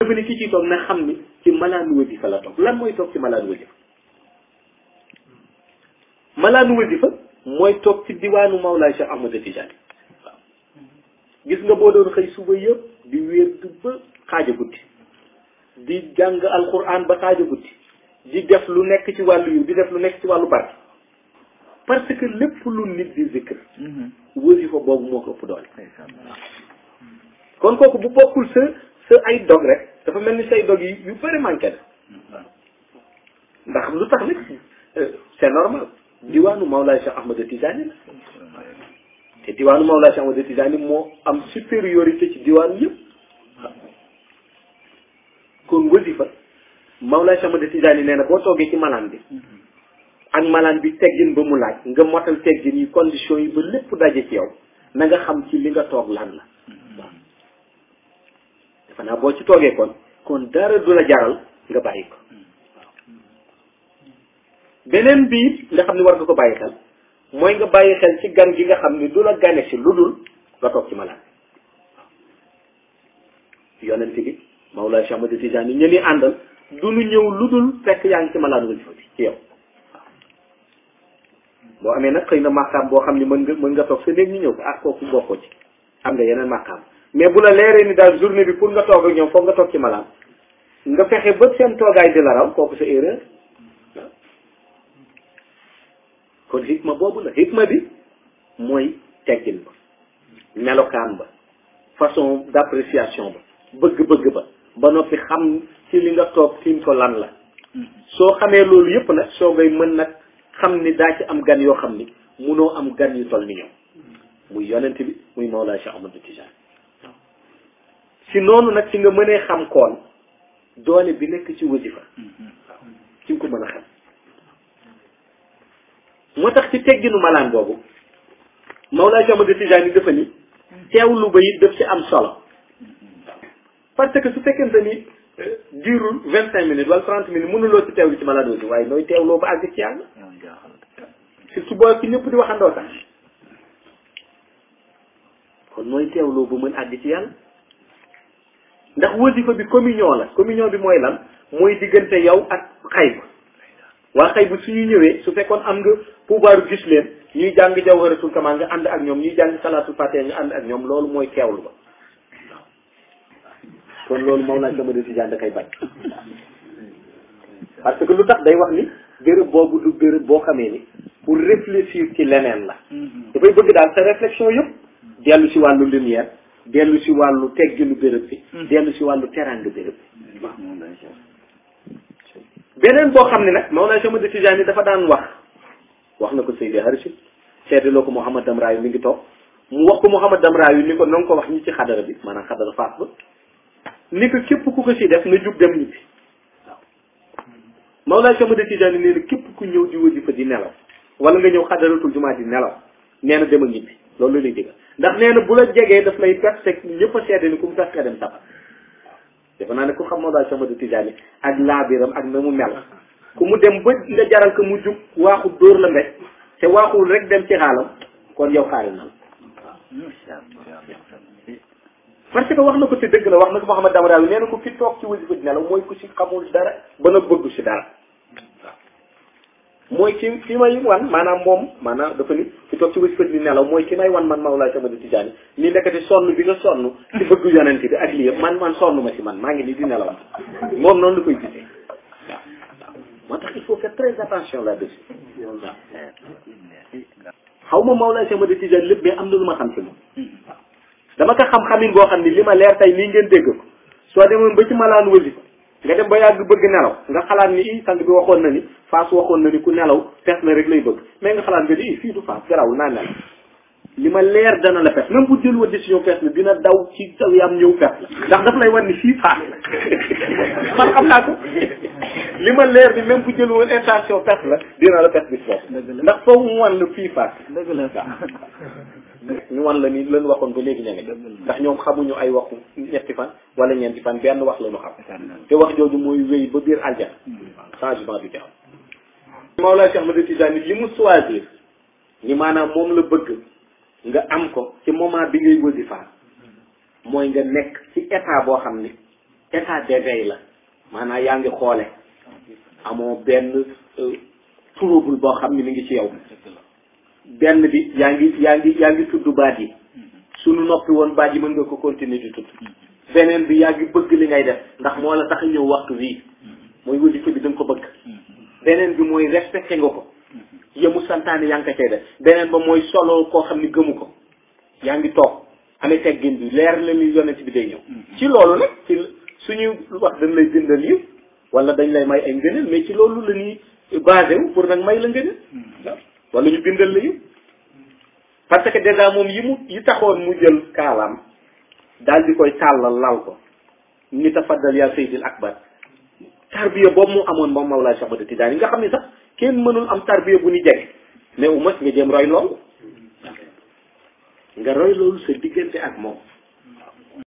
dafa ne ki ciy toog na xam ni ci malaanu wasifa la toog lan mooy toog ci malaanu wasifa mooy toog ci diwaanu Mawlaay Cheikh Ahmada Tijaani gis nga boo doon xëy suba yëpp di wéer du ba xaaja guddi di jàng alquran ba xaaja guddi di def lu nekk ci wàllu yu di def lu nekk ci wàllu barke parce que lépp lu nit di zikr mhm. wasifa boobu moo ko ëpp doole kon kooku bu bokkul sa sa ay dog rek dafa mel ni say dog yi yu pare manqué ndax lu tax nag euh, c'est normal diwaanu Mawlaay Cheikh Ahmed Tidiane la te diwaanu Mawlaay Cheikh Ahmed Tidiane moo am supériorité ci diwaanu yëpp kon wasifa Mawlaay Cheikh Ahmed Tidiane nee boo toogee ci malaan bi ak malaan bi teggin ba mu laaj nga motal teggin yi condition yi ba lépp daje ci yow na xam ci li nga toog lan la xanaa boo ci toogee kon kon dara du la jaral nga bàyyi ko beneen bi nga xam ne war nga ko bàyyi xel mooy nga bàyyi xel ci gan gi nga xam ne du la gane si lu dul nga toog ci malaan moom bi Mawlaa Cheikh Ahmad Tijaani ñi ni àndal du ñu ñëw lu dul fekk yaa ngi ci malaan wëj fati ci yow boo amee nag xëy na màqaam boo xam ne mën nga mën nga toog sa néeg ñu ñëw ko ah kooku bokkoo ci am nga yeneen màqaam mais bu la leeree ni daal journée bi pour nga toog ak ñoom foog nga toog ci malaan nga fexe ba seen toogaay di la raw kooku sa erreur kon hikma boobu la hikma bi mooy teggin ba melokaan ba façon d'appréciation ba bëgg-bëgg ba ba noppi xam ci li nga toog tiim ko lan la soo xamee loolu yëpp nag soo ngay mën nag xam ni daa ci am gan yoo xam ni munoo am gan yu toll ni ñoom muy yonent bi muy Mawlaa Cheikh Ahmadou Tidiane si noonu nag ci nga mënee xam koon doole bi nekk ci wajifa waaw mm-hmm. ci nga mën a xam moo tax ci tegginu malaan boobu moo Mawlaay Ahmad Tijaani dafa ni teewlu ba it def ci am solo parce que su fekkente ni euh, diirul vingt cinq minutes wala trant minutes mënuloo ci teewlu ci malaan waaye nooy teewloo ba àgg ci yàlla surtout boo ci ñëpp di waxandoo sax kon nooy teewloo ba mën àgg ci yàlla ndax wasifa bi communion la communion bi mooy lan mooy diggante yow ak xayb waa xayb su ñu ñëwee su fekkoon am nga pouvoir gis leen ñuy jàng jawharatul kamal nga ànd ak ñoom ñuy jàng salaatul fatiha nga ànd ak ñoom loolu mooy teewlu ba kon loolu moom laa sama décision da kay bañ parce que lu tax day wax ni béréb boobu du béréb boo xamee ni pour réfléchir ci leneen la mm-hmm. dafay bëgg daal sa réflexion yëpp dellu si wàllu lumière dellu si wàllu tegginu béréb bi hmm. dellu si wàllu teraanga béréb bi hmm. waaw beneen boo xam ne nag moom Mawlana Cheikh Ahmad Tijaani dafa daan wax wax na ko Seydi Harsi seetaloo ko Mouhamad Damraayu mi ngi toog mu wax ko Mouhamad Damraayu ni ko na nga ko wax ñi ci xadara bi maanaam xadara faat ba ni ko képp ku ko si def na jug dem ñibbi waaw Mawlana Cheikh Ahmad Tijaani nee na képp ku ñëw di wasifa di nelaw wala nga ñëw xadaratul jumaa di nelaw nee na demal ñibbi loolu lay digal ndax nee na bu la jegee daf lay perte ñëpp a seede ni ku mu perte dem safara waaw naa ne ku xam moo daal Ahmadu Tijaani ak laabiram ak na mu mel ku mu dem ba nga jaral ko mu jug waaxu dóor la mbéj te waaxul rek dem ci xaalam kon yow xaari na la parce que wax na ko ci dëgg la wax na ko Mouhamed Daouda nee na ku fi toog ci wasifa di nelaw mooy ku ci xamul dara ba na bëgg si dara mooy ki ki may wan maanaam moom maanaam dafa ni ci toog ci wasi fët bi nelaw mooy ki may wan man Mawlaay Cheikh Ahmadou Tidiane ni nekkati sonn bi nga sonn ci bëgg yonent bi ak lii yëpp man man sonn ma ci man maa ngi nii di nelaw moom noonu la koy gisee waaw waaw moo tax il faut faire très attention là-dessus waaw xaw ma Mawlaay Cheikh Ahmadou Tidiane lépp mais am na lu ma xam ci moom dama ko xam-xamin boo xam ni li ma leer tey nii ngeen dégg ko soo demoon ba ci malaan wasi nga dem ba yàgg bëgg nelaw nga xalaat ni i sang bi waxoon na ni faas waxoon na ni ku nelaw fees na rek lay bëgg mais nga xalaat nga ni i fii du faas garawul naa nelaw li ma leer dana la fees même bu jël wa décision fees la dina daw ci saw yaam ñëw fees la ndax daf lay war ni fii faas la man xam naa ko li ma leer ni même bu jël woon intention fees la dina la fees bis boobu ndax foofu mu wan la fii faas waaw ñu wan la ni leen waxoon ba léegi ña ndax ñoom xamuñu ay waxu ñetti fan wala ñeenti fan benn wax la ñu xam te wax jooju mooy wéy ba biir aljana hmm. changement du jaam Mawlaa Cheikh Ahmad Tijaani li mu choisir ni maanaam moom la bëgg nga am ko ci moment bi ngay wasifa mooy nga nekk ci état boo xam ne état d'éveil la maanaam yaa ngi xoole amoo benn euh, trouble boo xam ne mi ngi ci yow benn bi yaa ngi yaa ngi yaa ngi tudd baat yi suñu noppi woon baat yi mën nga ko continuer di tudd beneen bi yaa ngi bëgg li ngay def ndax moo la tax ñëw waxtu wii mooy wasifa bi da ko bëgg beneen bi mooy respecté nga ko yemu santaane yaa ngi ko def beneen ba mooy solo koo xam ni gëmu ko yaa ngi toog amee teggin bi leer la ni yonent bi day ñëw ci loolu nag ci suñu wax dañ lay bindal yi wala dañ lay may ay ngëneel mais ci loolu la ñuy basé wu pour nag may la walla ñu bindal la yi parce que déjà moom yi mu yi taxoon mu jël kaalaam daal di koy tàllal laal ko ni tafaddal yaa saydil akbar tarbiya boobu mu amoon moom Mawlaay Cheikh Ahmad Tidiane yi nga xam ne sax kenn mënul am tarbiya bu ñu jege mais au moins nga jëm roy loolu nga roy loolu sa diggante ak moom